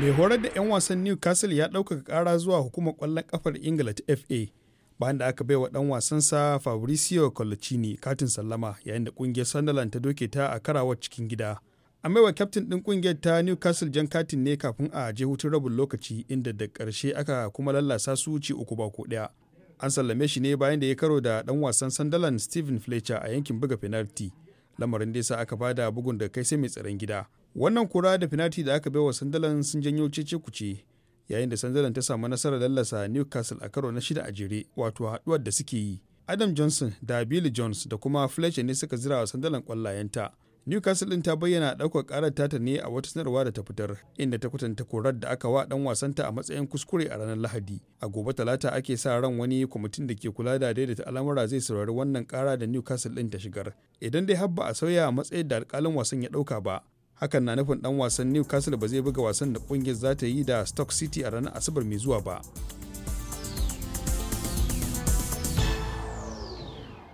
mai horar da 'yan wasan newcastle ya ɗaukaka ƙara zuwa hukumar ƙwallon kafar ingila ta fa bayan da aka baiwa ɗan wasansa fabrizio colocini katin sallama yayin da ƙungiyar sunderland ta doke ta a karawar cikin gida a baiwa kyaftin ɗin ƙungiyar ta newcastle jan katin ne kafin a je hutun rabin lokaci inda da ƙarshe aka kuma lallasa su ci uku ba ko ɗaya an sallame shi ne bayan da ya karo da ɗan wasan sunderland stephen fletcher a yankin buga penalty lamarin da sa aka bada bugun da kai sai mai tsaron gida wannan kura da finati da aka baiwa sandalan sun janyo cece kuce yayin da sandalan ta samu nasarar lallasa newcastle a karo na shida a jere wato haduwar da suke yi adam johnson da billy jones da kuma fletcher ne suka zira wa sandalan kwallayenta newcastle din ta bayyana ɗaukar karar tata ne a wata sanarwa da ta fitar inda ta kwatanta korar da aka wa ɗan wasanta a matsayin kuskure a ranar lahadi a gobe talata ake sa ran wani kwamitin da ke kula da daidaita al'amura zai saurari wannan kara da newcastle din ta shigar idan dai habba a sauya a matsayin da alkalin wasan ya dauka ba hakan na nufin dan wasan newcastle ba zai buga wasan da kungiyar za ta yi da stock city a ranar asabar mai zuwa ba